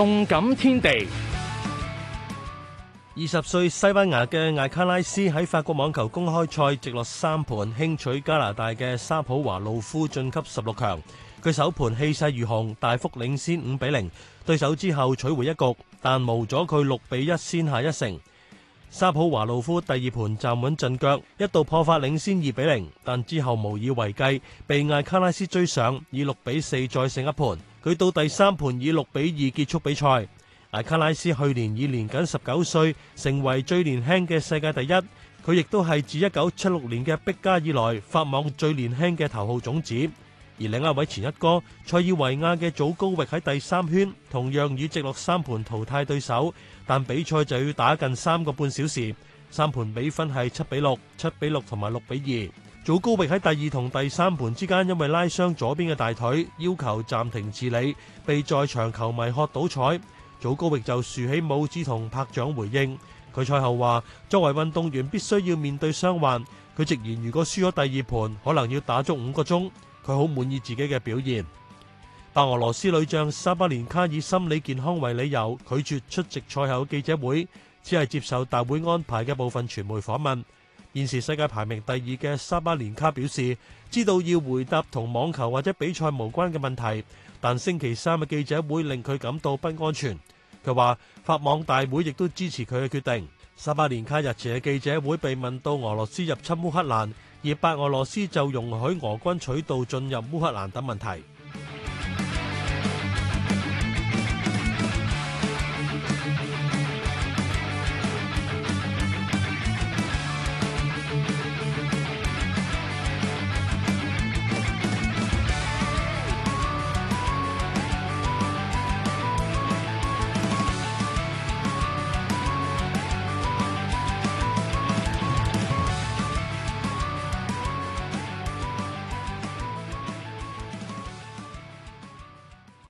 動感天地。二十歲西班牙嘅艾卡拉斯喺法國網球公開賽直落三盤輕取加拿大嘅沙普華路夫晉級十六強。佢首盤氣勢如虹，大幅領先五比零，對手之後取回一局，但無阻佢六比一先下一城。沙普華路夫第二盤站穩陣腳，一度破發領先二比零，但之後無以為繼，被艾卡拉斯追上，以六比四再勝一盤。佢到第三盤以六比二結束比賽。艾卡拉斯去年以年僅十九歲成為最年輕嘅世界第一，佢亦都係自一九七六年嘅碧加以來法網最年輕嘅頭號種子。而另一位前一哥，塞爾維亞嘅祖高域喺第三圈同樣以直落三盤淘汰對手，但比賽就要打近三個半小時。三盤比分係七比六、七比六同埋六比二。祖高域喺第二同第三盤之間，因為拉傷左邊嘅大腿，要求暫停治理，被在場球迷喝倒彩。祖高域就豎起拇指同拍掌回應。佢賽後話：作為運動員，必須要面對傷患。佢直言，如果輸咗第二盤，可能要打足五個鐘。佢好滿意自己嘅表現。白俄羅斯女將沙巴連卡以心理健康為理由，拒絕出席賽後記者會，只係接受大會安排嘅部分傳媒訪問。現時世界排名第二嘅沙巴連卡表示，知道要回答同網球或者比賽無關嘅問題，但星期三嘅記者會令佢感到不安全。佢話法網大會亦都支持佢嘅決定。沙巴連卡日前嘅記者會被問到俄羅斯入侵烏克蘭，而白俄羅斯就容許俄軍取道進入烏克蘭等問題。